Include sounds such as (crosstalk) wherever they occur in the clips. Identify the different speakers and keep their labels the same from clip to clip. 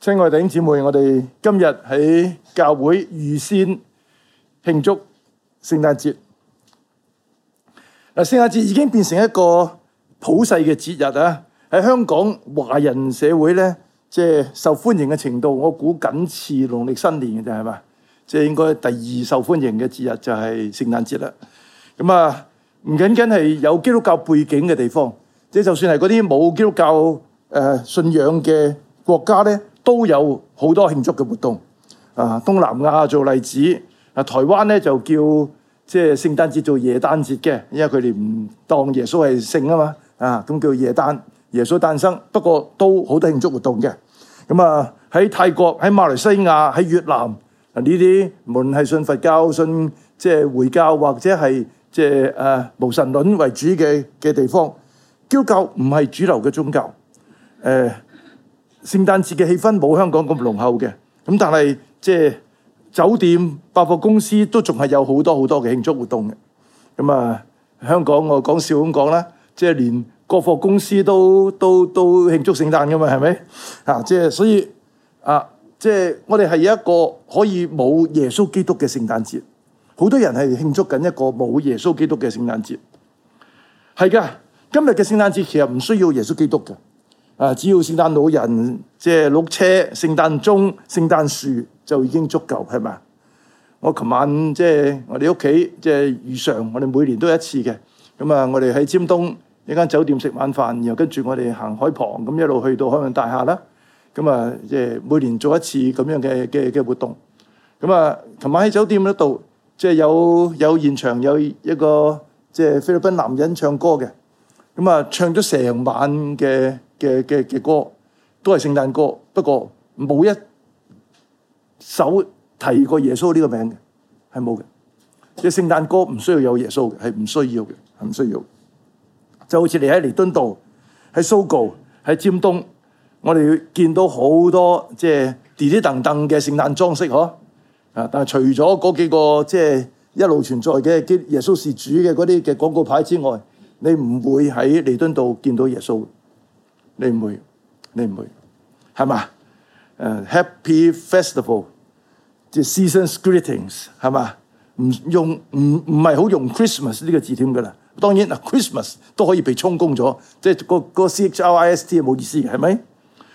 Speaker 1: 親愛嘅弟兄姊妹，我哋今日喺教會預先慶祝聖誕節。嗱，聖誕節已經變成一個普世嘅節日啊！喺香港華人社會咧，即係受歡迎嘅程度，我估僅次於農曆新年嘅啫，係嘛？即係應該第二受歡迎嘅節日就係聖誕節啦。咁啊，唔僅僅係有基督教背景嘅地方，即係就算係嗰啲冇基督教誒信仰嘅國家咧。都有好多慶祝嘅活動啊！東南亞做例子，啊台灣咧就叫即係聖誕節做耶誕節嘅，因為佢哋唔當耶穌係聖啊嘛，啊咁叫耶誕，耶穌誕生。不過都好多慶祝活動嘅。咁啊喺泰國、喺馬來西亞、喺越南啊呢啲，無論係信佛教、信即係回教或者係即係誒無神論為主嘅嘅地方，基督教唔係主流嘅宗教誒。啊聖誕節嘅氣氛冇香港咁濃厚嘅，咁但係即係酒店、百貨公司都仲係有好多好多嘅慶祝活動嘅。咁啊，香港我講笑咁講啦，即係連國貨公司都都都慶祝聖誕噶嘛，係咪？啊，即係所以啊，即係我哋係有一個可以冇耶穌基督嘅聖誕節，好多人係慶祝緊一個冇耶穌基督嘅聖誕節。係噶，今日嘅聖誕節其實唔需要耶穌基督嘅。啊！只要聖誕老人、即係碌車、聖誕鐘、聖誕樹就已經足夠，係咪？我琴晚即係、就是、我哋屋企即係如常，我哋每年都一次嘅咁啊。我哋喺尖東一間酒店食晚飯，然後跟住我哋行海旁，咁一路去到海洋大廈啦。咁啊，即係每年做一次咁樣嘅嘅嘅活動。咁啊，琴晚喺酒店嗰度即係有有現場有一個即係、就是、菲律賓男人唱歌嘅，咁啊唱咗成晚嘅。嘅嘅嘅歌都係聖誕歌，不過冇一首提過耶穌呢個名嘅，係冇嘅。即係聖誕歌唔需要有耶穌嘅，係唔需要嘅，係唔需要。就好似你喺彌敦道、喺 Sogo，喺尖東，我哋見到好多即係滴滴噔噔嘅聖誕裝飾呵。啊！但係除咗嗰幾個即係一路存在嘅，耶穌是主嘅嗰啲嘅廣告牌之外，你唔會喺彌敦道見到耶穌的。你唔會，你唔會，係嘛？誒、uh，Happy f e s t i v a l 即 h Season's Greetings 係嘛？唔用唔唔係好用 Christmas 呢個字添㗎啦。當然 Christmas、就是那個、c h r i s t m a s 都可以被充公咗，即係個個 C H R I S T 冇意思，係咪？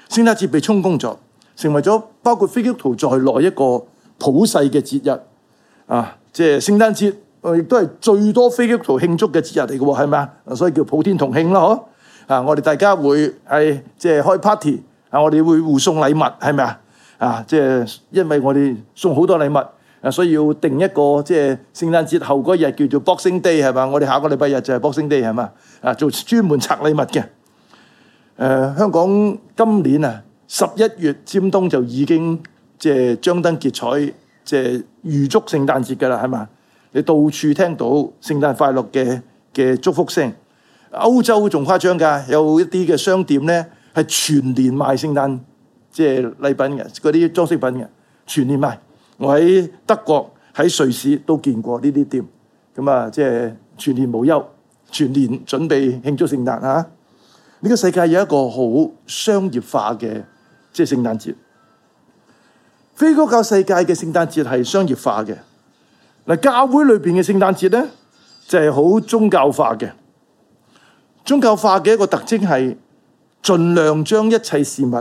Speaker 1: 聖誕節被充公咗，成為咗包括 f i g 非基督徒在內一個普世嘅節日啊！即、就、係、是、聖誕節，亦、啊、都係最多 f i g 非基督徒慶祝嘅節日嚟㗎喎，係咪啊？所以叫普天同慶啦，嗬、啊！啊！我哋大家會係即係開 party，啊我哋會互送禮物，係咪啊？啊！即係因為我哋送好多禮物，啊所以要定一個即係聖誕節後嗰日叫做 Boxing Day 係嘛？我哋下個禮拜日就係 Boxing Day 係嘛？啊做專門拆禮物嘅。誒、呃，香港今年啊十一月尖東就已經即係張燈結綵，即係預祝聖誕節噶啦，係嘛？你到處聽到聖誕快樂嘅嘅祝福聲。歐洲仲誇張噶，有一啲嘅商店咧係全年賣聖誕即係禮品嘅，嗰啲裝飾品嘅全年賣。我喺德國喺瑞士都見過呢啲店，咁啊即係全年無休，全年準備慶祝聖誕啊！呢個世界有一個好商業化嘅即係聖誕節，非基督教世界嘅聖誕節係商業化嘅。嗱，教會裏邊嘅聖誕節咧就係好宗教化嘅。宗教化嘅一個特徵係，盡量將一切事物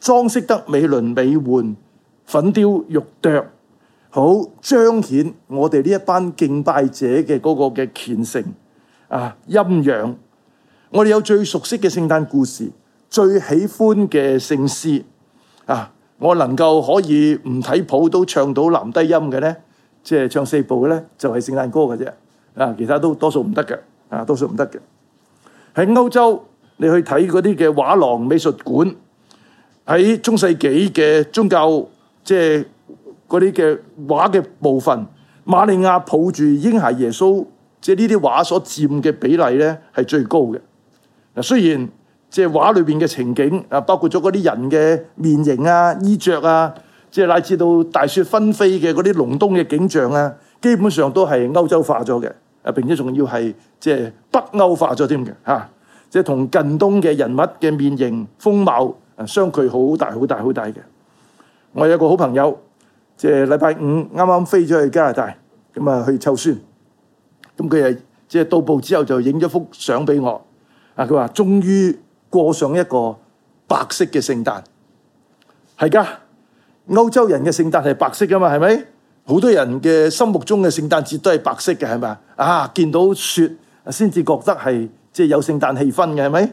Speaker 1: 裝飾得美輪美奐，粉雕玉琢，好彰顯我哋呢一班敬拜者嘅嗰個嘅虔誠啊！陰陽，我哋有最熟悉嘅聖誕故事，最喜歡嘅聖詩啊！我能夠可以唔睇譜都唱到男低音嘅呢，即係唱四部嘅呢，就係聖誕歌嘅啫啊！其他都多數唔得嘅啊，多數唔得嘅。喺歐洲，你去睇嗰啲嘅畫廊美術館，喺中世紀嘅宗教，即係嗰啲嘅畫嘅部分，瑪利亞抱住嬰孩耶穌，即係呢啲畫所佔嘅比例咧，係最高嘅。嗱，雖然即係畫裏邊嘅情景啊，包括咗嗰啲人嘅面型啊、衣着啊，即係乃至到大雪紛飛嘅嗰啲隆冬嘅景象啊，基本上都係歐洲化咗嘅。誒，並且仲要係即係北歐化咗添嘅吓，即係同近東嘅人物嘅面型風貌啊，相距好大好大好大嘅。我有個好朋友，即係禮拜五啱啱飛咗去加拿大，咁啊去湊孫，咁佢誒即係到步之後就影咗幅相俾我。啊，佢話終於過上一個白色嘅聖誕，係㗎。歐洲人嘅聖誕係白色㗎嘛，係咪？好多人嘅心目中嘅聖誕節都係白色嘅，係咪啊？見到雪先至覺得係即係有聖誕氣氛嘅，係咪？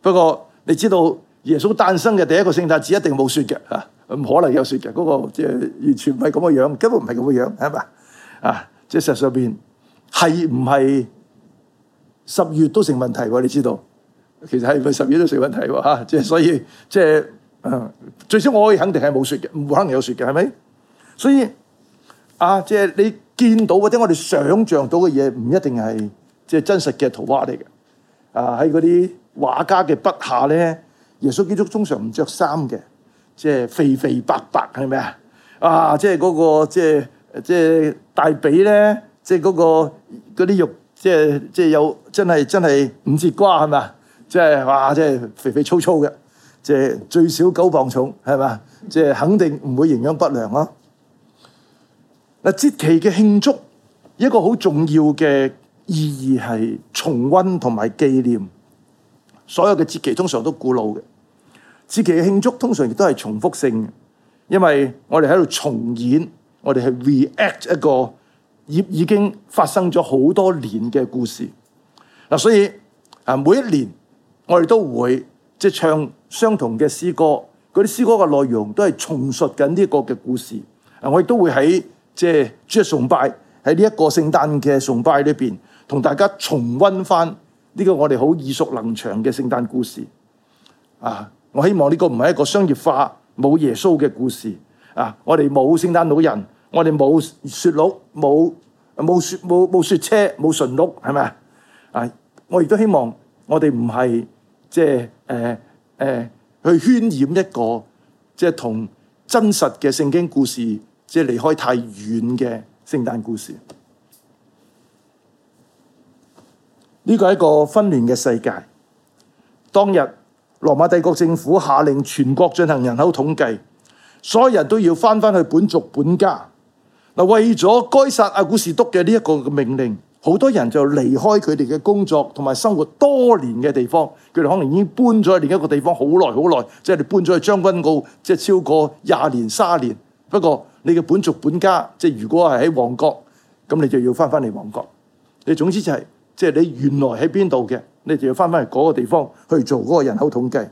Speaker 1: 不過你知道耶穌誕生嘅第一個聖誕節一定冇雪嘅，嚇、啊、唔可能有雪嘅，嗰、那個即係完全唔係咁嘅樣，根本唔係咁嘅樣，係咪啊？即係實上面係唔係十月都成問題喎？你知道其實係咪十月都成問題喎？即、啊、係所以即係、就是啊、最少我可以肯定係冇雪嘅，唔可能有雪嘅，係咪？所以。啊！即係你見到或者我哋想像到嘅嘢，唔一定係即係真實嘅圖畫嚟嘅。啊！喺嗰啲畫家嘅筆下咧，耶穌基督通常唔着衫嘅，即係肥肥白白係咪啊？啊！即係嗰個即係即係大髀咧，即係嗰個嗰啲肉，即係即係有真係真係五節瓜係咪啊？即係哇！即係肥肥粗粗嘅，即係最少九磅重係嘛？即係肯定唔會營養不良咯。嗱，節期嘅慶祝一個好重要嘅意義係重溫同埋紀念。所有嘅節期通常都古老嘅，節期嘅慶祝通常亦都係重複性嘅，因為我哋喺度重演，我哋係 react 一個已已經發生咗好多年嘅故事。嗱，所以啊，每一年我哋都會即係唱相同嘅詩歌，嗰啲詩歌嘅內容都係重述緊呢個嘅故事。啊，我亦都會喺。即係即係崇拜喺呢一個聖誕嘅崇拜裏邊，同大家重温翻呢個我哋好耳熟能詳嘅聖誕故事啊！我希望呢個唔係一個商業化冇耶穌嘅故事啊！我哋冇聖誕老人，我哋冇雪佬，冇冇雪冇冇雪車，冇馴鹿，係咪啊？我亦都希望我哋唔係即係誒誒去渲染一個即係同真實嘅聖經故事。即係離開太遠嘅聖誕故事，呢個係一個紛亂嘅世界。當日羅馬帝國政府下令全國進行人口統計，所有人都要翻翻去本族本家。嗱，為咗該撒亞古士督嘅呢一個命令，好多人就離開佢哋嘅工作同埋生活多年嘅地方。佢哋可能已經搬咗去另一個地方好耐好耐，即係你搬咗去將軍澳，即係超過廿年、三十年。不過你嘅本族本家，即係如果係喺旺角，咁你就要翻翻嚟旺角。你總之就係，即係你原來喺邊度嘅，你就要翻翻嚟嗰個地方去做嗰個人口統計。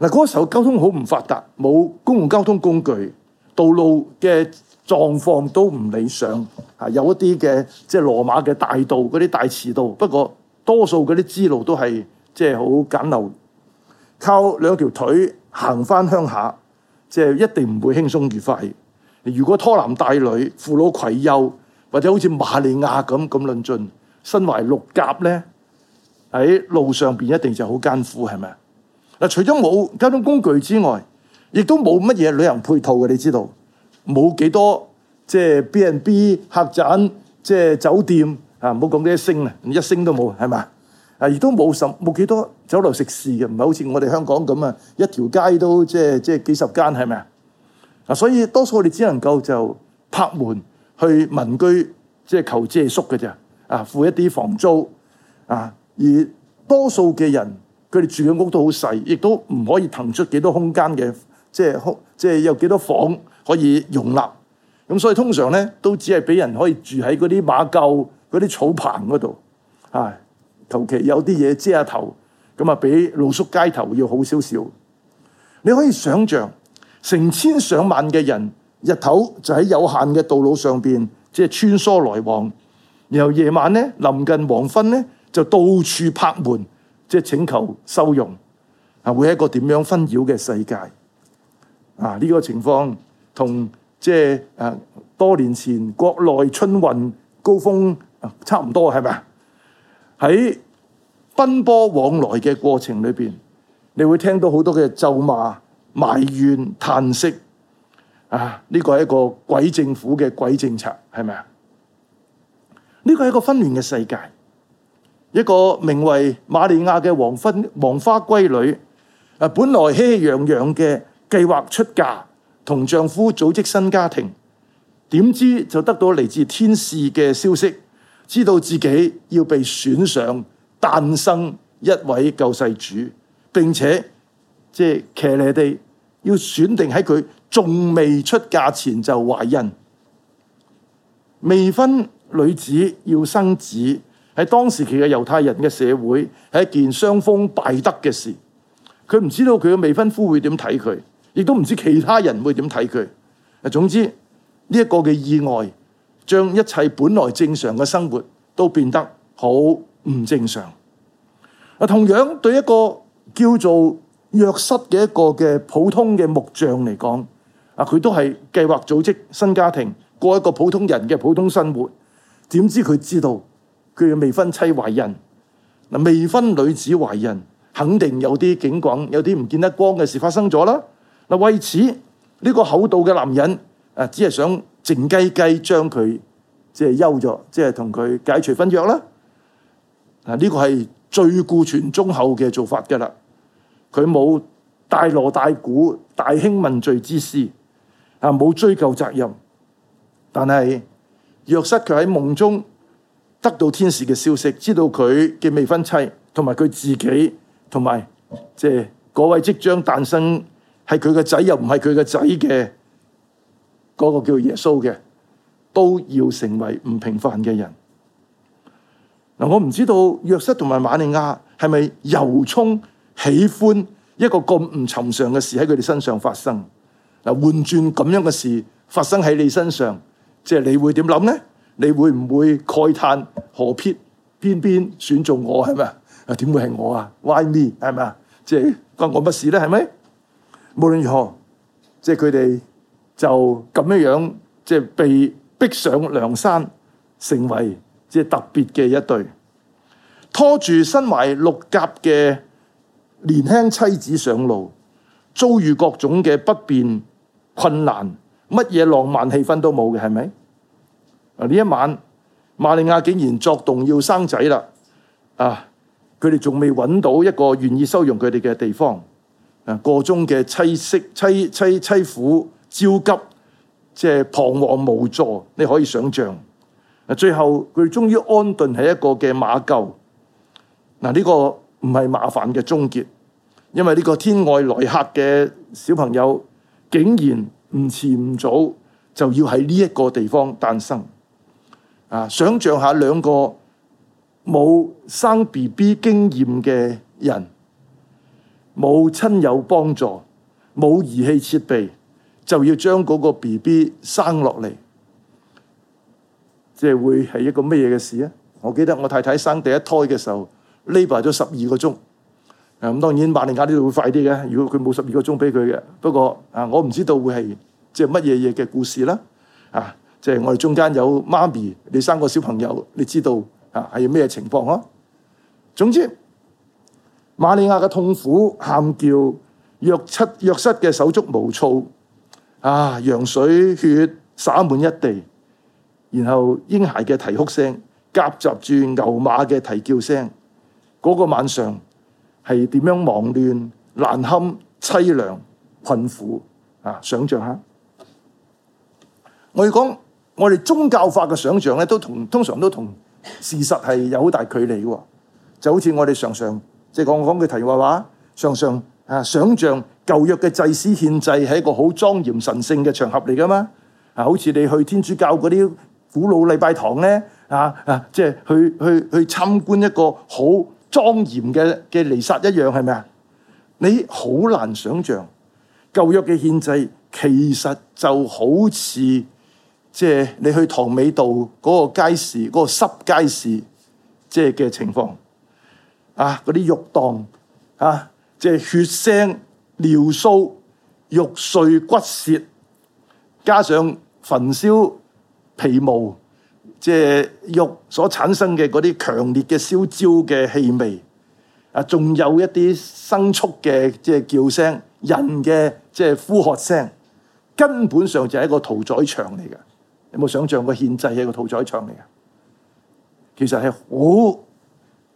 Speaker 1: 嗱，嗰時候交通好唔發達，冇公共交通工具，道路嘅狀況都唔理想。吓，有一啲嘅即係羅馬嘅大道，嗰啲大馳道，不過多數嗰啲支路都係即係好簡陋，靠兩條腿行翻鄉下。即係一定唔會輕鬆愉快。如果拖男帶女、扶老攜幼，或者好似瑪利亞咁咁論盡，身懷六甲咧，喺路上邊一定就好艱苦，係咪啊？嗱，除咗冇交通工具之外，亦都冇乜嘢旅遊配套嘅，你知道冇幾多即係、就是、B n B 客棧、即係酒店啊！唔好講幾多星啊，一星都冇，係咪啊？啊！而都冇什冇幾多酒樓食肆嘅，唔係好似我哋香港咁啊！一條街都即係即係幾十間，係咪啊？啊！所以多數我哋只能夠就拍門去民居，即係求借宿嘅啫。啊，付一啲房租啊！而多數嘅人，佢哋住嘅屋都好細，亦都唔可以騰出幾多空間嘅，即係空即係有幾多房可以容納。咁所以通常咧，都只係俾人可以住喺嗰啲馬厩、嗰啲草棚嗰度啊。求其有啲嘢遮下頭，咁啊比露宿街頭要好少少。你可以想象成千上萬嘅人日頭就喺有限嘅道路上面，即係穿梭來往，然後夜晚咧臨近黃昏咧就到處拍門，即係請求收容啊！會係一個點樣紛擾嘅世界啊？呢個情況同即係多年前國內春運高峰，啊，差唔多，係咪啊？喺奔波往來嘅過程裏邊，你會聽到好多嘅咒罵、埋怨、嘆息。啊！呢、這個係一個鬼政府嘅鬼政策，係咪啊？呢、這個係一個紛亂嘅世界。一個名為瑪利亞嘅黃黃花閨女，本來喜氣洋洋嘅計劃出嫁，同丈夫組織新家庭，點知就得到嚟自天使嘅消息。知道自己要被選上誕生一位救世主，並且即係騎呢地要選定喺佢仲未出嫁前就懷孕。未婚女子要生子喺當時期嘅猶太人嘅社會係一件傷風敗德嘅事。佢唔知道佢嘅未婚夫會點睇佢，亦都唔知道其他人會點睇佢。總之呢一個嘅意外。將一切本來正常嘅生活都變得好唔正常。啊，同樣對一個叫做約瑟嘅一個嘅普通嘅木匠嚟講，啊，佢都係計劃組織新家庭，過一個普通人嘅普通生活。點知佢知道佢嘅未婚妻懷孕，嗱未婚女子懷孕，肯定有啲景轟，有啲唔見得光嘅事發生咗啦。嗱，為此呢、這個厚道嘅男人啊，只係想。靜雞雞將佢即係休咗，即係同佢解除婚約啦。嗱，呢個係最顧全忠厚嘅做法噶啦。佢冇大羅大鼓，大興問罪之師，啊，冇追究責任。但係若瑟佢喺夢中得到天使嘅消息，知道佢嘅未婚妻同埋佢自己同埋即係嗰位即將誕生係佢嘅仔又唔係佢嘅仔嘅。嗰個叫耶穌嘅都要成為唔平凡嘅人。嗱，我唔知道約瑟同埋瑪利亞係咪由衷喜歡一個咁唔尋常嘅事喺佢哋身上發生。嗱，換轉咁樣嘅事發生喺你身上，即係你會點諗呢？你會唔會慨嘆何必偏偏選中我係咪？啊，點會係我啊？Why me？係咪？即係關我乜事咧？係咪？無論如何，即係佢哋。就咁樣樣，即、就係、被逼上梁山，成為即特別嘅一對，拖住身懷六甲嘅年輕妻子上路，遭遇各種嘅不便困難，乜嘢浪漫氣氛都冇嘅，係咪？啊！呢一晚，瑪利亞竟然作動要生仔啦！啊！佢哋仲未搵到一個願意收容佢哋嘅地方啊！個中嘅妻媳、妻妻、妻夫焦急，即係彷徨無助，你可以想象。最後佢終於安頓喺一個嘅馬廄嗱。呢個唔係麻煩嘅終結，因為呢個天外來客嘅小朋友竟然唔遲唔早就要喺呢一個地方誕生啊！想象下兩個冇生 B B 經驗嘅人，冇親友幫助，冇儀器設備。就要將嗰個 B B 生落嚟，即、就、係、是、會係一個乜嘢嘅事啊？我記得我太太生第一胎嘅時候，labour 咗十二個鐘。咁當然馬利亞呢度會快啲嘅。如果佢冇十二個鐘俾佢嘅，不過啊，我唔知道會係即係乜嘢嘢嘅故事啦。啊，即係我哋中間有媽咪，你生個小朋友，你知道啊係咩情況咯？總之馬利亞嘅痛苦、喊叫、若七若失嘅手足無措。啊！羊水血灑滿一地，然後嬰孩嘅啼哭聲夾雜住牛馬嘅啼叫聲，嗰、那個晚上係點樣忙亂、難堪、淒涼、困苦啊！想象下，我要講我哋宗教化嘅想象咧，都同通常都同事實係有好大距離，就好似我哋常常即係講講嘅題話話，常常。啊！想象舊約嘅祭司獻祭係一個好莊嚴、神聖嘅場合嚟噶嘛？啊，好似你去天主教嗰啲古老禮拜堂咧，啊啊，即係去去去參觀一個好莊嚴嘅嘅彌撒一樣，係咪啊？你好難想象舊約嘅獻祭，其實就好似即係你去唐美道嗰個街市、嗰個濕街市，即係嘅情況啊！嗰啲肉檔啊！即係血腥、尿臊、肉碎骨屑，加上焚燒皮毛，即係肉所產生嘅嗰啲強烈嘅燒焦嘅氣味，啊，仲有一啲牲畜嘅即係叫聲、人嘅即係呼喝聲，根本上就係一個屠宰場嚟嘅。有冇想像過獻祭係一個屠宰場嚟嘅？其實係好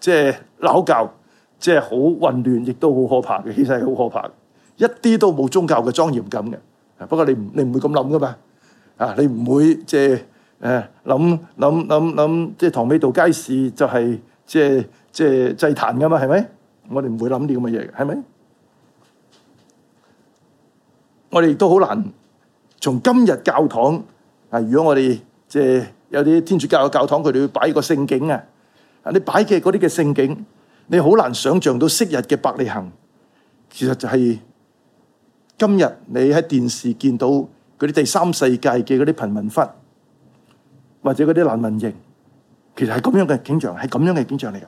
Speaker 1: 即係老舊。就是即係好混亂，亦都好可怕嘅，其實係好可怕嘅，一啲都冇宗教嘅莊嚴感嘅。不過你唔你唔會咁諗噶嘛？啊，你唔會即係誒諗諗諗諗，即係唐美道街市就係即係即係祭壇噶嘛？係咪？我哋唔會諗呢啲咁嘅嘢嘅，係咪？我哋亦都好難從今日教堂啊！如果我哋即係有啲天主教嘅教堂，佢哋要擺個聖景啊！啊，你擺嘅嗰啲嘅聖景。你好難想象到昔日嘅伯利恆，其實就係今日你喺電視見到嗰啲第三世界嘅嗰啲貧民窟，或者嗰啲難民營，其實係咁樣嘅景象，係咁樣嘅景象嚟嘅。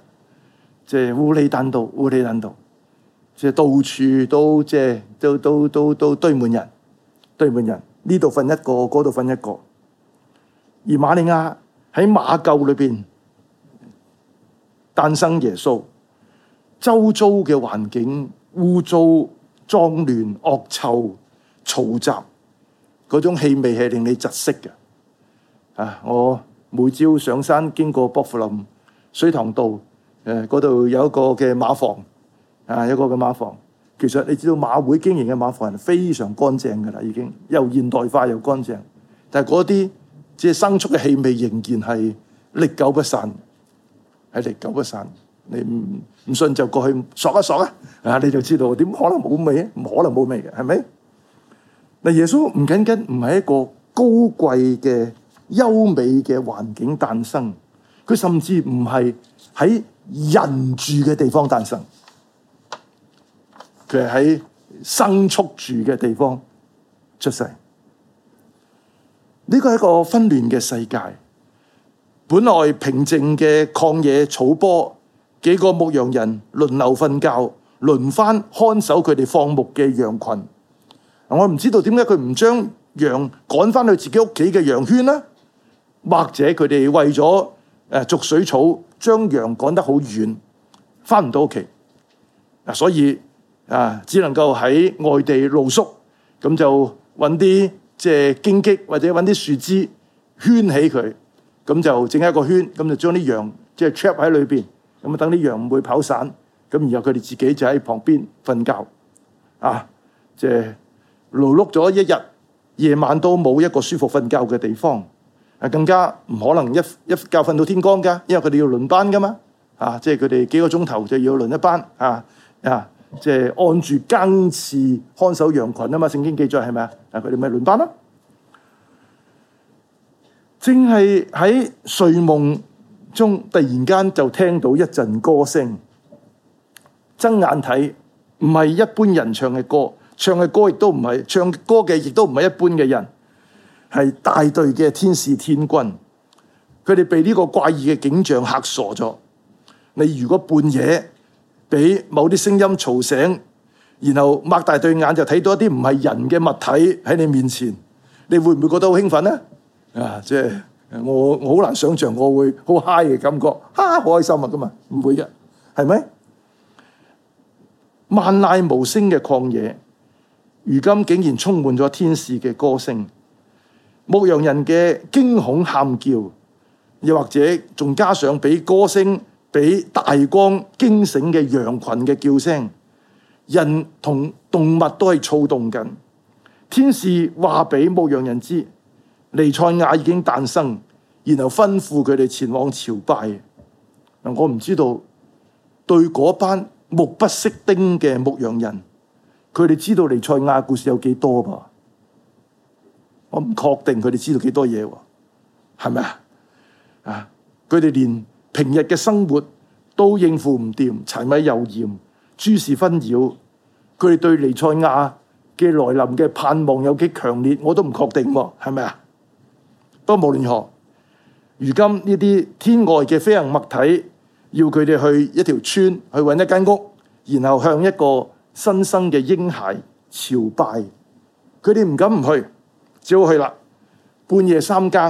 Speaker 1: 即係烏里丹道，烏里丹道，即係到處都即係都都都都堆滿人，堆滿人，呢度瞓一個，嗰度瞓一個。而馬利亞喺馬廄裏邊誕生耶穌。周遭嘅環境污糟、髒亂、惡臭、嘈雜，嗰種氣味係令你窒息嘅。啊，我每朝上山經過薄扶林水塘道，誒，嗰度有一個嘅馬房，啊，有一個嘅馬房，其實你知道馬會經營嘅馬房係非常乾淨噶啦，已經又現代化又乾淨，但係嗰啲即係牲畜嘅氣味仍然係歷久不散，係歷久不散。你唔唔信就過去索一索啊！啊，你就知道點可能冇味啊？唔可能冇味嘅係咪？嗱，耶穌唔僅僅唔係一個高貴嘅優美嘅環境誕生，佢甚至唔係喺人住嘅地方誕生，佢係喺牲畜住嘅地方出世。呢個係一個紛亂嘅世界，本來平靜嘅曠野草坡。幾個牧羊人輪流瞓覺，輪番看守佢哋放牧嘅羊群。我唔知道點解佢唔將羊趕翻去自己屋企嘅羊圈呢，或者佢哋為咗誒逐水草，將羊趕得好遠，翻唔到屋企，所以啊，只能夠喺外地露宿，咁就搵啲即係荊棘或者搵啲樹枝圈起佢，咁就整一個圈，咁就將啲羊即係 trap 喺裏邊。咁啊，等啲羊唔會跑散，咁然後佢哋自己就喺旁邊瞓覺，啊，即係勞碌咗一日，夜晚都冇一個舒服瞓覺嘅地方，啊，更加唔可能一一覺瞓到天光噶因為佢哋要輪班噶嘛，啊，即係佢哋幾個鐘頭就要輪一班，啊啊，即係按住更次看守羊群啊嘛，聖經記載係咪啊？啊，佢哋咪輪班咯，正係喺睡夢中突然間就聽到一陣歌聲，睜眼睇，唔係一般人唱嘅歌，唱嘅歌亦都唔係，唱歌嘅亦都唔係一般嘅人，係大隊嘅天使天軍。佢哋被呢個怪異嘅景象嚇傻咗。你如果半夜俾某啲聲音嘈醒，然後擘大對眼就睇到一啲唔係人嘅物體喺你面前，你會唔會覺得好興奮呢？啊，即係。我好難想象我會好嗨嘅感覺，哈、啊、好開心啊，嘛唔會嘅，係咪？萬籟無聲嘅曠野，如今竟然充滿咗天使嘅歌聲，牧羊人嘅驚恐喊叫，又或者仲加上俾歌聲俾大光驚醒嘅羊群嘅叫聲，人同動物都係躁動緊。天使話俾牧羊人知，彌賽亞已經誕生。然後吩咐佢哋前往朝拜。嗱，我唔知道對嗰班目不識丁嘅牧羊人，佢哋知道彌賽亞故事有幾多噃？我唔確定佢哋知道幾多嘢，係咪啊？啊，佢哋連平日嘅生活都應付唔掂，柴米油鹽諸事紛擾，佢哋對彌賽亞嘅來臨嘅盼望有幾強烈？我都唔確定喎，係咪啊？不過無論如何。如今呢啲天外嘅飛行物體，要佢哋去一條村去搵一間屋，然後向一個新生嘅嬰孩朝拜。佢哋唔敢唔去，只好去啦。半夜三更，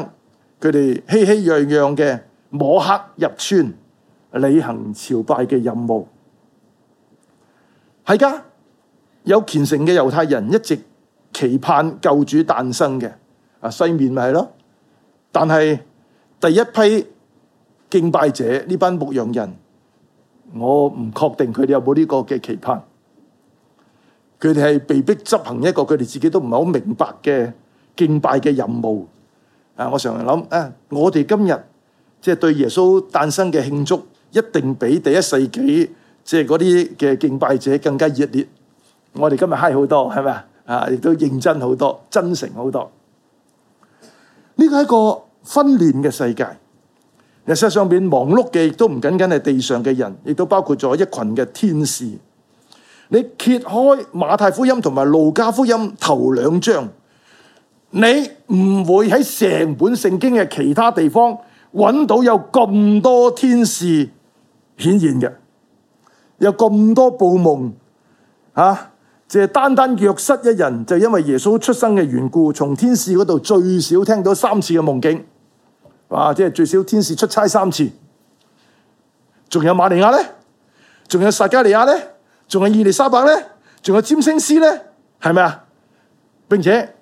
Speaker 1: 佢哋熙熙攘攘嘅摸黑入村，履行朝拜嘅任務係㗎。有虔誠嘅猶太人一直期盼救主誕生嘅啊，西面咪係咯，但係。第一批敬拜者，呢班牧羊人，我唔確定佢哋有冇呢個嘅期盼？佢哋係被逼執行一個佢哋自己都唔係好明白嘅敬拜嘅任務。啊，我常日諗啊，我哋今日即係對耶穌誕生嘅慶祝，一定比第一世紀即係嗰啲嘅敬拜者更加熱烈。我哋今日 high 好多，係咪啊？啊，亦都認真好多，真誠好多。呢個係一個。紛亂嘅世界，事實上面忙碌嘅亦都唔僅僅係地上嘅人，亦都包括咗一群嘅天使。你揭開馬太福音同埋路加福音頭兩章，你唔會喺成本聖經嘅其他地方揾到有咁多天使顯現嘅，有咁多報夢，即係單單約瑟一人，就因為耶穌出生嘅緣故，從天使嗰度最少聽到三次嘅夢境。哇、啊！即係最少天使出差三次，仲有馬利亞咧，仲有撒迦利亞咧，仲有以利沙伯咧，仲有占星師咧，係咪啊？並且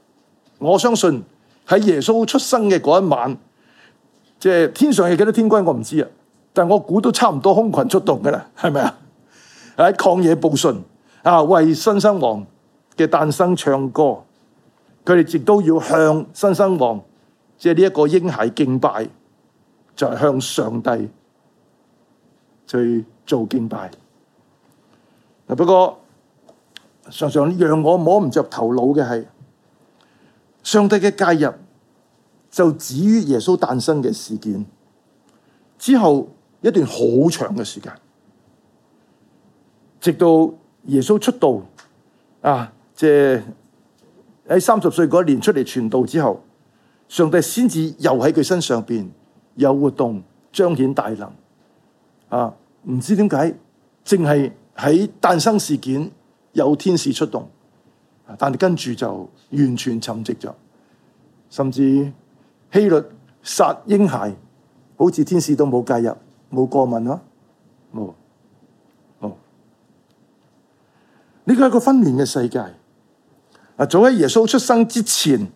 Speaker 1: 我相信喺耶穌出生嘅嗰一晚，即、就、係、是、天上係幾多天軍，我唔知啊，但係我估都差唔多空群出動噶啦，係咪啊？喺曠野報信，啊，為新生王嘅誕生唱歌，佢哋亦都要向新生王。即係呢一個嬰孩敬拜，就係向上帝去做敬拜。不過常常讓我摸唔着頭腦嘅係，上帝嘅介入就止於耶穌誕生嘅事件之後一段好長嘅時間，直到耶穌出道啊，即係喺三十歲嗰年出嚟傳道之後。上帝先至又喺佢身上邊有活動，彰顯大能啊！唔知點解，淨係喺誕生事件有天使出動，啊、但係跟住就完全沉寂咗，甚至希律殺嬰孩，好似天使都冇介入，冇過問咯、啊，冇冇？呢、這個係一個分裂嘅世界啊！早喺耶穌出生之前，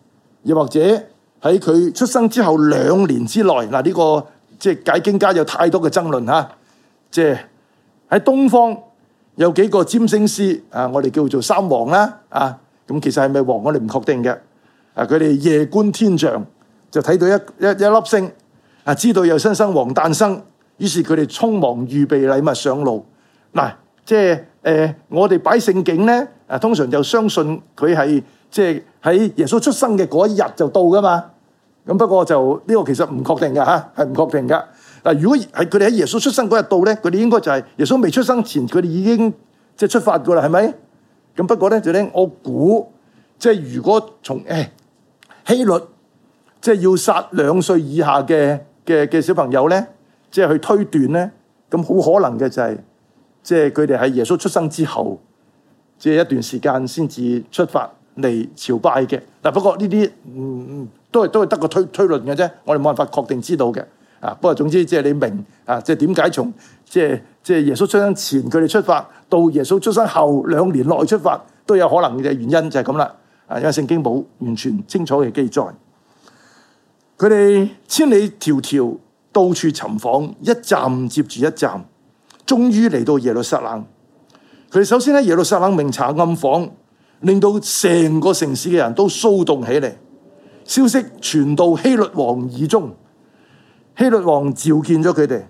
Speaker 1: 又或者，喺佢出生之後兩年之內，嗱、這、呢個即係解經家有太多嘅爭論吓，即係喺東方有幾個占星師啊，我哋叫做三王啦啊，咁其實係咪王我哋唔確定嘅啊，佢哋夜觀天象就睇到一一一粒星啊，知道有新生王誕生，於是佢哋匆忙預備禮物上路。嗱、就是，即係誒我哋擺聖景咧啊，通常就相信佢係。即係喺耶穌出生嘅嗰一日就到噶嘛？咁不過就呢、這個其實唔確定嘅吓，係唔確定嘅。嗱，如果係佢哋喺耶穌出生嗰日到咧，佢哋應該就係耶穌未出生前，佢哋已經即係出發噶啦，係咪？咁不過咧就咧，我估即係、就是、如果從誒、哎、希律即係、就是、要殺兩歲以下嘅嘅嘅小朋友咧，即、就、係、是、去推斷咧，咁好可能嘅就係即係佢哋喺耶穌出生之後，即、就、係、是、一段時間先至出發。嚟朝拜嘅，嗱、啊，不過呢啲，嗯，都係都係得個推推論嘅啫，我哋冇辦法確定知道嘅，啊，不過總之即係你明，啊，即係點解從，即係即係耶穌出生前佢哋出發，到耶穌出生後兩年內出發都有可能嘅原因就係咁啦，啊，因為聖經冇完全清楚嘅記載。佢哋千里迢迢到處尋訪，一站接住一站，終於嚟到耶路撒冷，佢哋首先喺耶路撒冷明查暗訪。令到成個城市嘅人都騷動起嚟，消息傳到希律王耳中，希律王召見咗佢哋，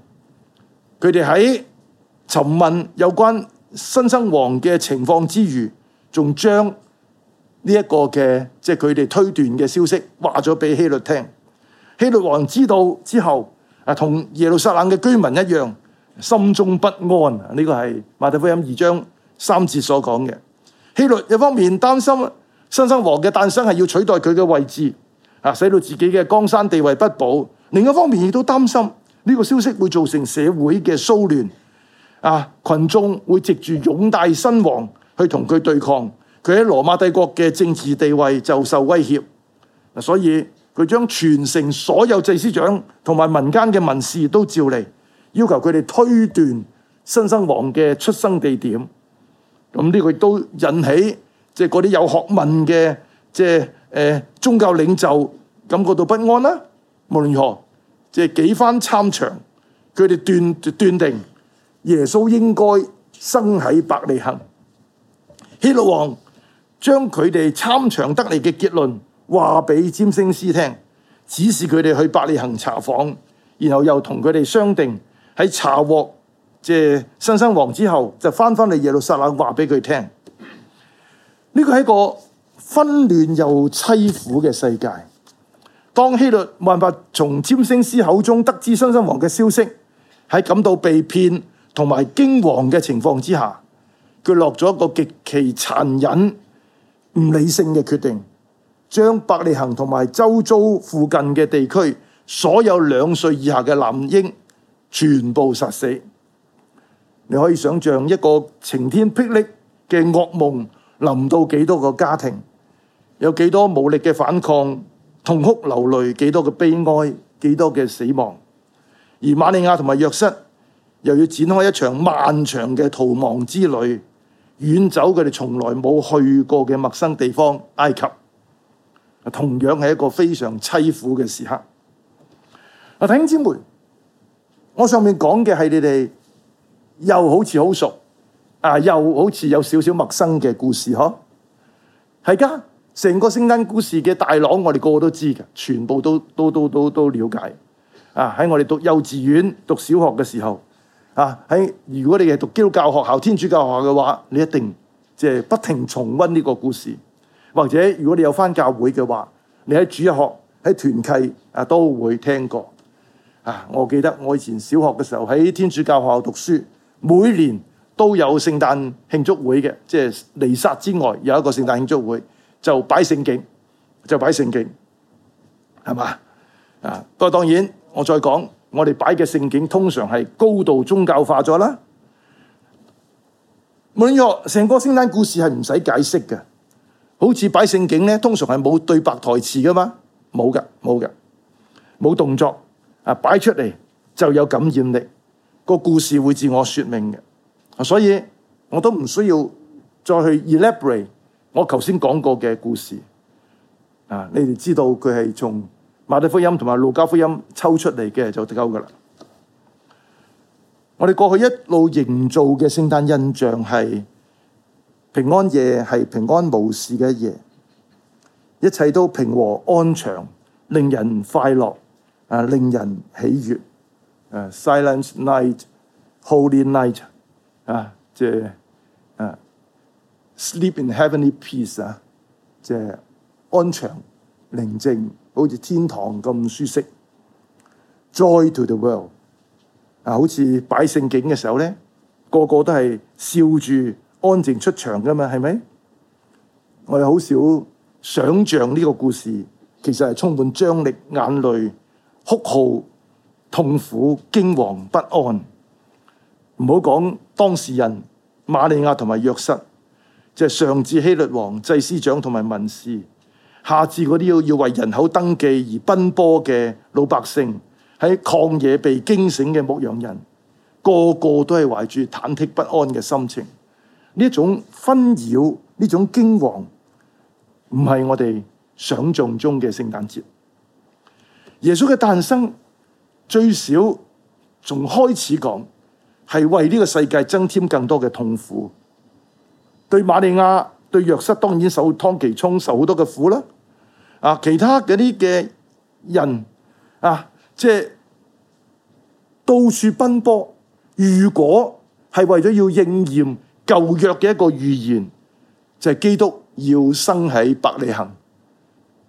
Speaker 1: 佢哋喺詢問有關新生王嘅情況之餘，仲將呢一個嘅即係佢哋推斷嘅消息話咗俾希律聽。希律王知道之後，啊，同耶路撒冷嘅居民一樣，心中不安。呢個係馬太福音二章三節所講嘅。希律一方面擔心新生王嘅誕生係要取代佢嘅位置，啊，使到自己嘅江山地位不保；另一方面亦都擔心呢個消息會造成社會嘅騷亂，啊，群眾會藉住擁戴新王去同佢對抗，佢喺羅馬帝國嘅政治地位就受威脅。所以佢將全城所有祭司長同埋民間嘅文士都召嚟，要求佢哋推斷新生王嘅出生地點。咁呢個亦都引起即係嗰啲有學問嘅即係誒宗教領袖感覺到不安啦。無論如何，即係幾番參詳，佢哋斷斷定耶穌應該生喺伯利恆。希律王將佢哋參詳得嚟嘅結論話俾占星師聽，指示佢哋去伯利恆查訪，然後又同佢哋商定喺查獲。即係新生王之後，就翻翻嚟耶路撒冷，話俾佢聽呢個係一個紛亂又淒苦嘅世界。當希律冇辦法從占星師口中得知新生王嘅消息，喺感到被騙同埋驚惶嘅情況之下，佢落咗一個極其殘忍、唔理性嘅決定，將伯利恆同埋周遭附近嘅地區所有兩歲以下嘅男嬰全部殺死。你可以想象一個晴天霹靂嘅噩夢臨到幾多個家庭，有幾多無力嘅反抗、痛哭流淚、幾多嘅悲哀、幾多嘅死亡。而馬利亞同埋約瑟又要展開一場漫長嘅逃亡之旅，遠走佢哋從來冇去過嘅陌生地方——埃及，同樣係一個非常淒苦嘅時刻。嗱，弟兄姊妹，我上面講嘅係你哋。又好似好熟，啊，又好似有少少陌生嘅故事嗬，係噶，成個聖誕故事嘅大綱，我哋個個都知㗎，全部都都都都了解，啊，喺我哋讀幼稚園、讀小學嘅時候，啊，喺如果你係讀基督教學校、天主教學校嘅話，你一定即係不停重溫呢個故事，或者如果你有翻教會嘅話，你喺主日學、喺團契啊都會聽過，啊，我記得我以前小學嘅時候喺天主教學校讀書。每年都有聖誕慶祝會的即、就是彌撒之外有一個聖誕慶祝會，就擺聖景，就擺聖景，是吧啊，不過當然我再講，我們擺嘅聖景通常是高度宗教化咗啦。冇錯，成個聖誕故事是不用解釋的好像擺聖景呢通常是沒有對白台詞噶嘛，冇噶，冇噶，冇動作啊，擺出來就有感染力。個故事會自我說明嘅，所以我都唔需要再去 elaborate 我頭先講過嘅故事啊，你哋知道佢係從馬太福音同埋路加福音抽出嚟嘅就夠噶啦。我哋過去一路營造嘅聖誕印象係平安夜係平安無事嘅一夜，一切都平和安詳，令人快樂啊，令人喜悅。Silent Night，Holy Night，啊，即係 Sleep in heavenly peace 啊、uh，即係安詳寧靜，好似天堂咁舒適。Joy to the world，啊，uh, 好似擺聖景嘅時候咧，個個都係笑住安靜出場噶嘛，係咪？我哋好少想象呢個故事，其實係充滿張力、眼淚、哭號。痛苦驚惶不安，唔好講當事人馬利亞同埋約瑟，就係上至希律王祭司長同埋文士，下至嗰啲要要為人口登記而奔波嘅老百姓，喺曠野被驚醒嘅牧羊人，個個都係懷住忐忑不安嘅心情。呢種紛擾，呢種驚惶，唔係我哋想象中嘅聖誕節。耶穌嘅誕生。最少從開始講係為呢個世界增添更多嘅痛苦，對馬利亞、對約瑟當然首當其衝受好多嘅苦啦。啊，其他嗰啲嘅人啊，即係到處奔波。如果係為咗要應驗舊約嘅一個預言，就係基督要生喺伯利恆，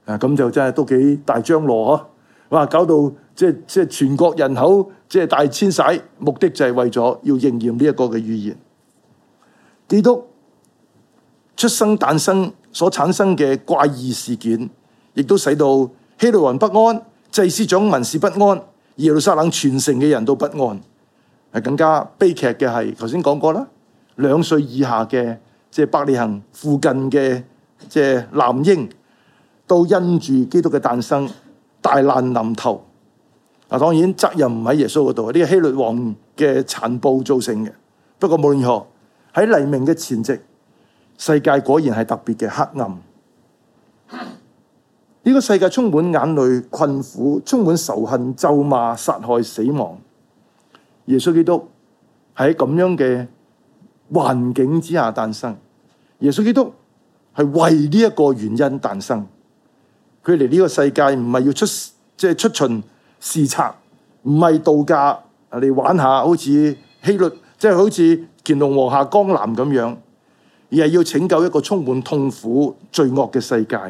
Speaker 1: 啊，咁就真係都幾大張羅哇！搞到即係即係全國人口即係大遷徙，目的就係為咗要應驗呢一個嘅預言。基督出生誕生所產生嘅怪異事件，亦都使到希律王不安，祭司長文士不安，耶路撒冷全城嘅人都不安。係更加悲劇嘅係，頭先講過啦，兩歲以下嘅即係伯利恆附近嘅即係男嬰，都因住基督嘅誕生。大難臨頭，啊！當然責任唔喺耶穌嗰度，呢個希律王嘅殘暴造成嘅。不過無論如何，喺黎明嘅前夕，世界果然係特別嘅黑暗。呢個世界充滿眼淚、困苦、充滿仇恨、咒罵、殺害、死亡。耶穌基督喺咁樣嘅環境之下誕生。耶穌基督係為呢一個原因誕生。佢嚟呢個世界唔係要出即係、就是、出巡視察，唔係度假嚟玩下，好似希律，即、就、係、是、好似乾隆皇下江南咁樣，而係要拯救一個充滿痛苦罪惡嘅世界，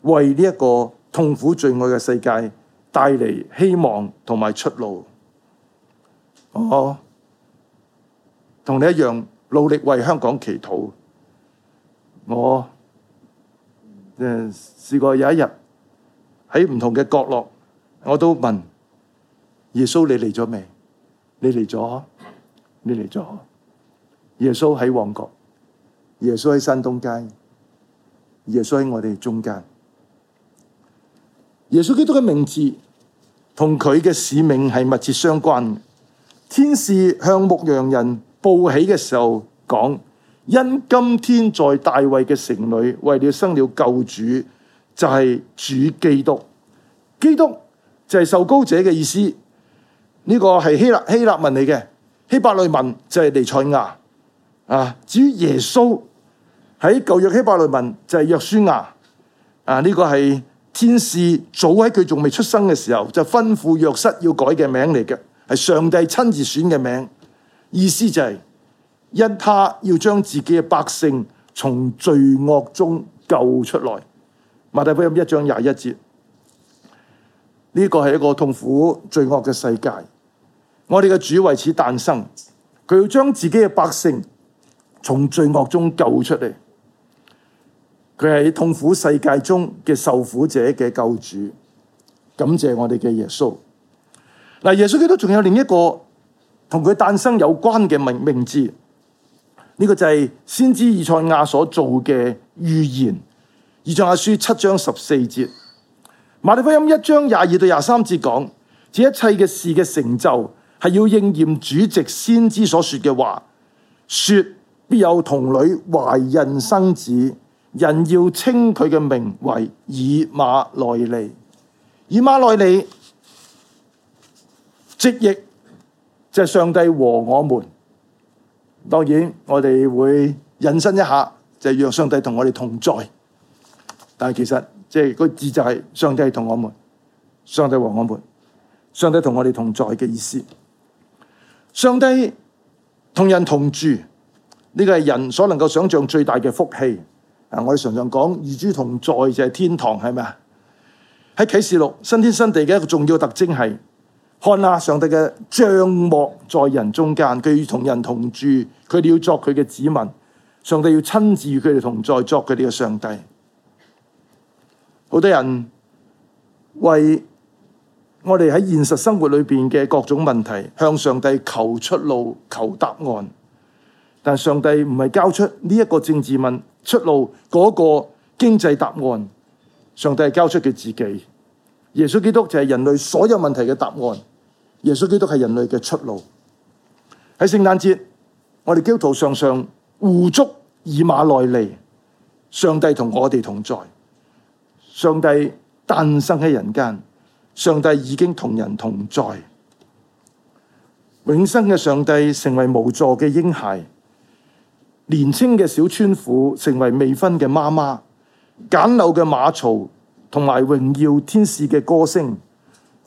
Speaker 1: 為呢一個痛苦罪惡嘅世界帶嚟希望同埋出路。我同你一樣努力為香港祈禱。我。誒，試過有一日喺唔同嘅角落，我都問耶穌：你嚟咗未？你嚟咗？你嚟咗？耶穌喺旺角，耶穌喺山東街，耶穌喺我哋中間。耶穌基督嘅名字同佢嘅使命係密切相關嘅。天使向牧羊人報喜嘅時候講。因今天在大衛嘅城裏，為了生了救主，就係、是、主基督。基督就係受膏者嘅意思。呢、這個係希希臘文嚟嘅，希伯來文就係彌賽亞、啊。至於耶穌喺舊約希伯來文就係約書亞。啊，呢、這個係天使早喺佢仲未出生嘅時候就吩咐約瑟要改嘅名嚟嘅，係上帝親自選嘅名，意思就係、是。因他要將自己嘅百姓從罪惡中救出來。馬太福音一章廿一節，呢、這個係一個痛苦罪惡嘅世界。我哋嘅主為此誕生，佢要將自己嘅百姓從罪惡中救出嚟。佢係痛苦世界中嘅受苦者嘅救主。感謝我哋嘅耶穌。嗱，耶穌基督仲有另一個同佢誕生有關嘅名名字。呢、這個就係先知以賽亞所做嘅預言，以賽亞書七章十四節，馬太福音一章廿二到廿三節講，這一切嘅事嘅成就係要應驗主藉先知所說嘅話，說必有童女懷孕生子，人要稱佢嘅名為以馬內利，以馬內利直譯，即就係上帝和我們。當然，我哋會引申一下，就是、要讓上帝同我哋同在。但其實，即係個字就係上帝同我們，上帝和我們，上帝同我哋同在嘅意思。上帝同人同住，呢個係人所能夠想象最大嘅福氣。啊，我哋常常講與主同在就是天堂，係咪啊？喺啟示錄新天新地嘅一個重要特徵是看下上帝嘅帳幕在人中間，佢要同人同住，佢哋要作佢嘅子民，上帝要親自與佢哋同在，作佢哋嘅上帝。好多人為我哋喺現實生活裏邊嘅各種問題向上帝求出路、求答案，但上帝唔係交出呢一個政治問出路嗰個經濟答案，上帝係交出佢自己。耶穌基督就係人類所有問題嘅答案。耶穌基督係人類嘅出路。喺聖誕節，我哋基督徒常常互祝以馬內利，上帝同我哋同在。上帝誕生喺人間，上帝已經同人同在。永生嘅上帝成為無助嘅嬰孩，年輕嘅小村婦成為未婚嘅媽媽，簡陋嘅馬槽同埋榮耀天使嘅歌聲。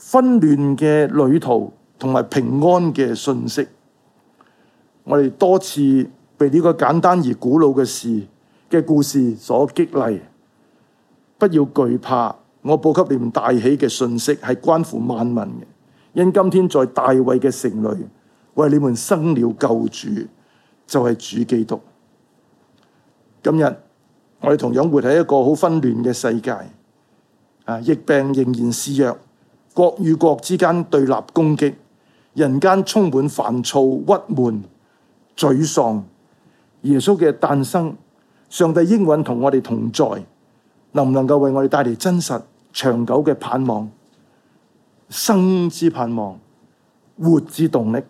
Speaker 1: 紛亂嘅旅途同埋平安嘅信息，我哋多次被呢個簡單而古老嘅事的故事所激勵。不要懼怕，我報給你們大喜嘅信息是關乎萬民的。因今天在大衛嘅城裏，為你們生了救主，就是主基督。今日我哋同樣活喺一個好紛亂嘅世界，疫病仍然肆虐。國與國之間對立攻擊，人間充滿煩躁、鬱悶、沮喪。耶穌嘅誕生，上帝應允同我哋同在，能唔能夠為我哋帶嚟真實長久嘅盼望、生之盼望、活之動力？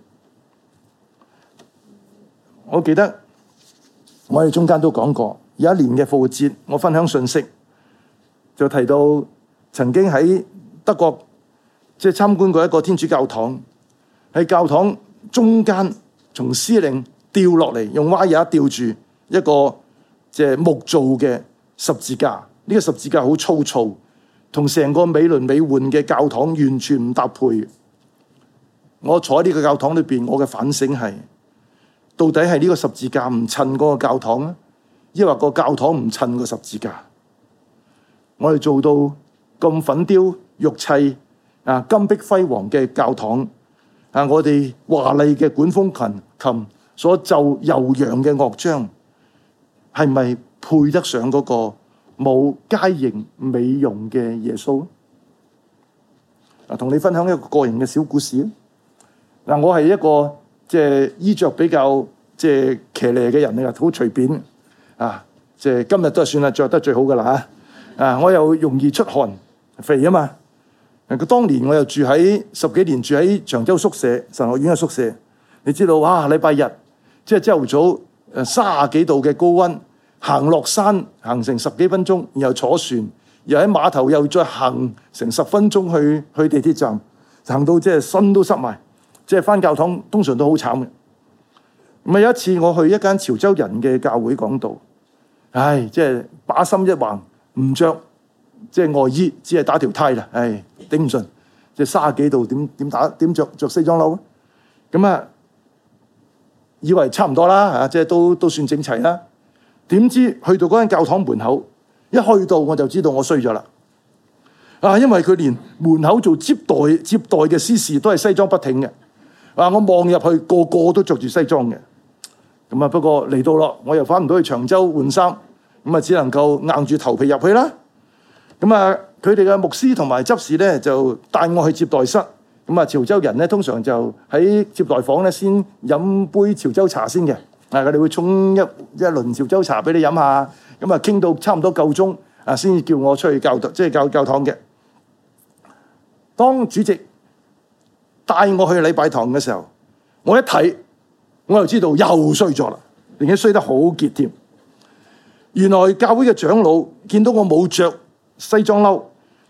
Speaker 1: 我記得我哋中間都講過，有一年嘅復活節，我分享信息就提到曾經喺德國。即係參觀過一個天主教堂，喺教堂中間，從司令掉落嚟，用 wire 吊住一個即係木造嘅十字架。呢個十字架好粗糙，同成個美輪美奐嘅教堂完全唔搭配。我坐喺呢個教堂裏邊，我嘅反省係：到底係呢個十字架唔襯嗰個教堂咧，抑或個教堂唔襯個十字架？我哋做到咁粉雕玉砌。啊，金碧輝煌嘅教堂，啊，我哋華麗嘅管風琴琴所奏悠揚嘅樂章，係咪配得上嗰個冇佳形美容嘅耶穌？啊，同你分享一個個人嘅小故事嗱，我係一個即係衣着比較即係騎呢嘅人啊，好隨便啊。即係今日都算啦，着得最好噶啦吓。啊，我又容易出汗，肥啊嘛。當年我又住喺十幾年住喺長洲宿舍神學院嘅宿舍，你知道哇。啊，禮拜日即係朝頭早，三十幾度嘅高溫，行落山行成十幾分鐘，然後坐船，又喺碼頭又再行成十分鐘去去地鐵站，行到即係身都濕埋，即係返教堂通常都好慘嘅。咁啊有一次我去一間潮州人嘅教會講道，唉，即係把心一橫，唔著。即係外衣，只係打條呔啦，唉、哎，頂唔順。即係卅幾度，點點打？點着着西裝褸？咁啊，以為差唔多啦，吓，即係都都算整齊啦。點知去到嗰間教堂門口，一去到我就知道我衰咗啦。啊，因為佢連門口做接待接待嘅司事都係西裝筆挺嘅。啊，我望入去，個個都着住西裝嘅。咁啊，不過嚟到咯，我又翻唔到去長洲換衫，咁啊，只能夠硬住頭皮入去啦。咁啊，佢哋嘅牧師同埋執事咧，就帶我去接待室。咁啊，潮州人咧，通常就喺接待房咧，先飲杯潮州茶先嘅。啊，佢哋會沖一一輪潮州茶俾你飲下。咁啊，傾到差唔多夠鐘啊，先叫我出去教堂，即係教教堂嘅。當主席帶我去禮拜堂嘅時候，我一睇，我又知道又衰咗啦，而且衰得好結添。原來教會嘅長老見到我冇着。西裝褸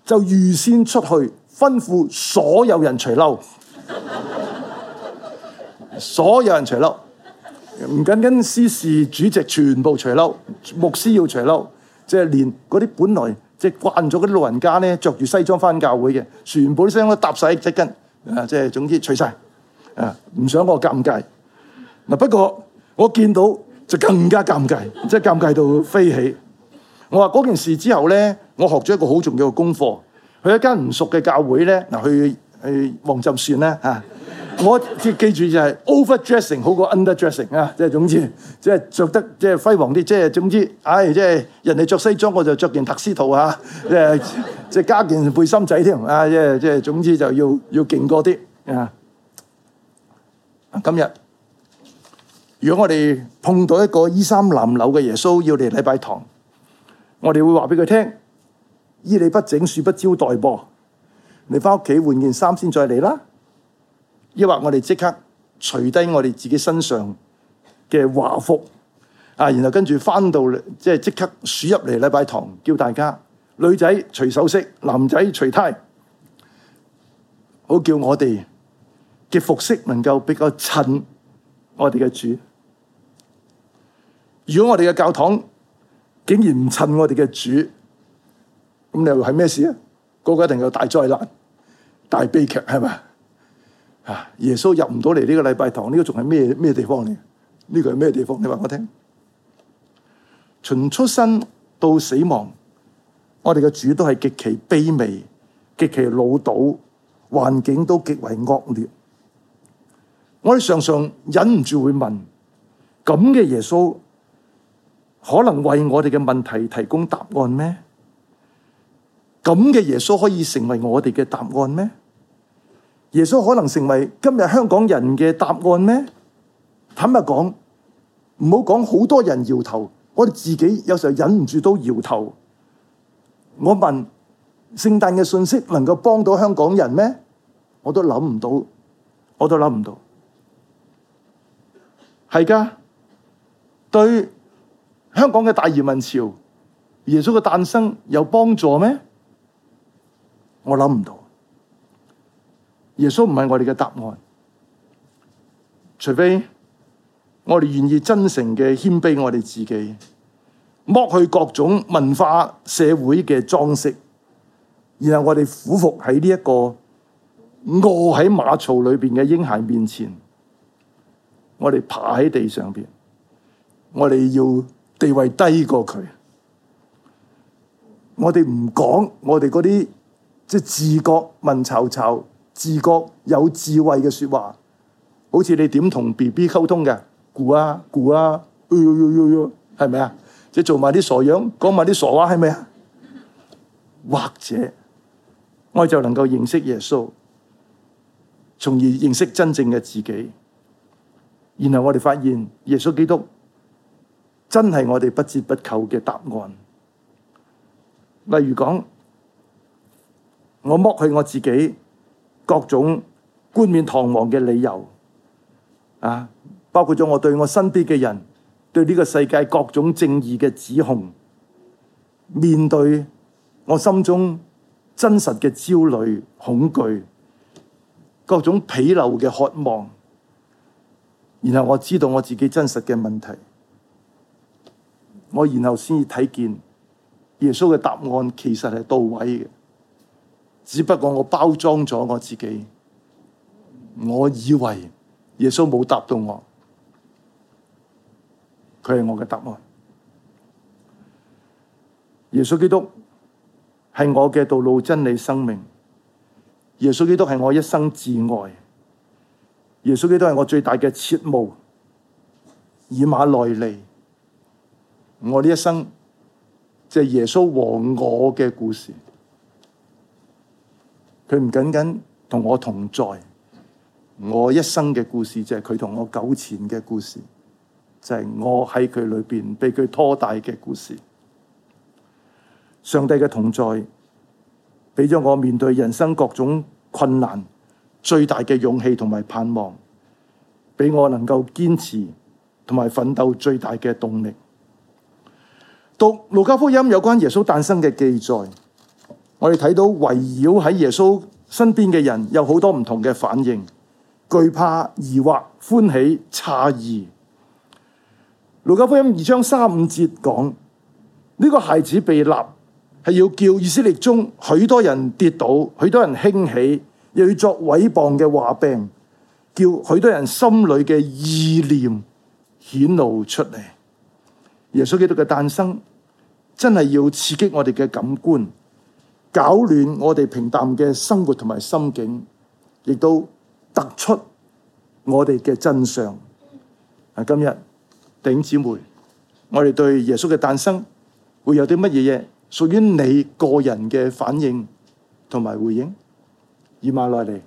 Speaker 1: 就預先出去吩咐所有人除褸， (laughs) 所有人除褸，唔僅僅司事主席全部除褸，牧師要除褸，即係連嗰啲本來即係慣咗嗰啲老人家咧，着住西裝翻教會嘅，全部啲西裝都搭晒，一隻筋，啊，即係總之除晒，啊，唔想我尷尬嗱。不過我見到就更加尷尬，即係尷尬到飛起。我話嗰件事之後咧。我學咗一個好重要嘅功課，去一間唔熟嘅教會咧。嗱，去去黃浸船咧嚇。我記記住就係 over dressing 好過 under dressing 啊。即係總之，即係著得即係輝煌啲。即係總之，唉，即係人哋著西裝，我就著件特斯圖嚇，即係即係加件背心仔添。啊，即係即係總之就要要勁過啲啊。今日如果我哋碰到一個衣衫襤褸嘅耶穌，要嚟禮拜堂，我哋會話俾佢聽。依冠不整，恕不招待噃。你翻屋企換件衫先，再嚟啦。抑或我哋即刻除低我哋自己身上嘅華服啊，然後跟住翻到即係即刻鼠入嚟禮拜堂，叫大家女仔除首飾，男仔除呔，好叫我哋嘅服飾能夠比較襯我哋嘅主。如果我哋嘅教堂竟然唔襯我哋嘅主。咁你又係咩事啊？嗰個一定有大災難、大悲劇係嘛？啊！耶穌入唔到嚟呢個禮拜堂，呢個仲係咩咩地方嚟？呢個係咩地方？你話我聽。從出生到死亡，我哋嘅主都係極其卑微、極其老土，環境都極為惡劣。我哋常常忍唔住會問：咁嘅耶穌，可能為我哋嘅問題提供答案咩？咁嘅耶穌可以成為我哋嘅答案咩？耶穌可能成為今日香港人嘅答案咩？坦白講，唔好講好多人搖頭，我哋自己有時候忍唔住都搖頭。我問聖誕嘅訊息能夠幫到香港人咩？我都諗唔到，我都諗唔到。係㗎，對香港嘅大移民潮，耶穌嘅誕生有幫助咩？我諗唔到，耶穌唔係我哋嘅答案，除非我哋願意真誠嘅謙卑我哋自己，剝去各種文化社會嘅裝飾，然後我哋俯伏喺呢一個臥喺馬槽裏邊嘅嬰孩面前，我哋爬喺地上邊，我哋要地位低過佢，我哋唔講我哋嗰啲。即係自覺問嘈嘈，自覺有智慧嘅說話，好似你點同 B B 溝通嘅，鼓啊鼓啊，係咪啊？哎呀哎呀，係咪啊？即係做埋啲傻樣，講埋啲傻話，係咪啊？或者我就能夠認識耶穌，從而認識真正嘅自己，然後我哋發現耶穌基督真係我哋不折不扣嘅答案。例如講。我剝去我自己各種冠冕堂皇嘅理由啊，包括咗我對我身邊嘅人、對呢個世界各種正義嘅指控，面對我心中真實嘅焦慮、恐懼、各種鄙陋嘅渴望，然後我知道我自己真實嘅問題，我然後先至睇見耶穌嘅答案，其實係到位嘅。只不過我包裝咗我自己，我以為耶穌冇答到我，佢係我嘅答案。耶穌基督係我嘅道路、真理、生命。耶穌基督係我一生至愛。耶穌基督係我最大嘅切慕。以馬內利，我呢一生就係耶穌和我嘅故事。佢唔僅僅同我同在，我一生嘅故事就係佢同我糾纏嘅故事，就係、是、我喺佢裏邊被佢拖帶嘅故事。上帝嘅同在，俾咗我面對人生各種困難最大嘅勇氣同埋盼望，俾我能夠堅持同埋奮鬥最大嘅動力。讀路加福音有關耶穌誕生嘅記載。我哋睇到圍繞喺耶穌身邊嘅人有好多唔同嘅反應，懼怕、疑惑、歡喜、詫異。路加福音二章三五節講呢、這個孩子被立係要叫以色列中許多人跌倒，許多人興起，又要作毀謗嘅話柄，叫許多人心裏嘅意念顯露出嚟。耶穌基督嘅誕生真係要刺激我哋嘅感官。搞亂我哋平淡嘅生活同埋心境，亦都突出我哋嘅真相。啊，今日弟兄姊妹，我哋對耶穌嘅誕生會有啲乜嘢嘢？屬於你個人嘅反應同埋回應，以馬內利。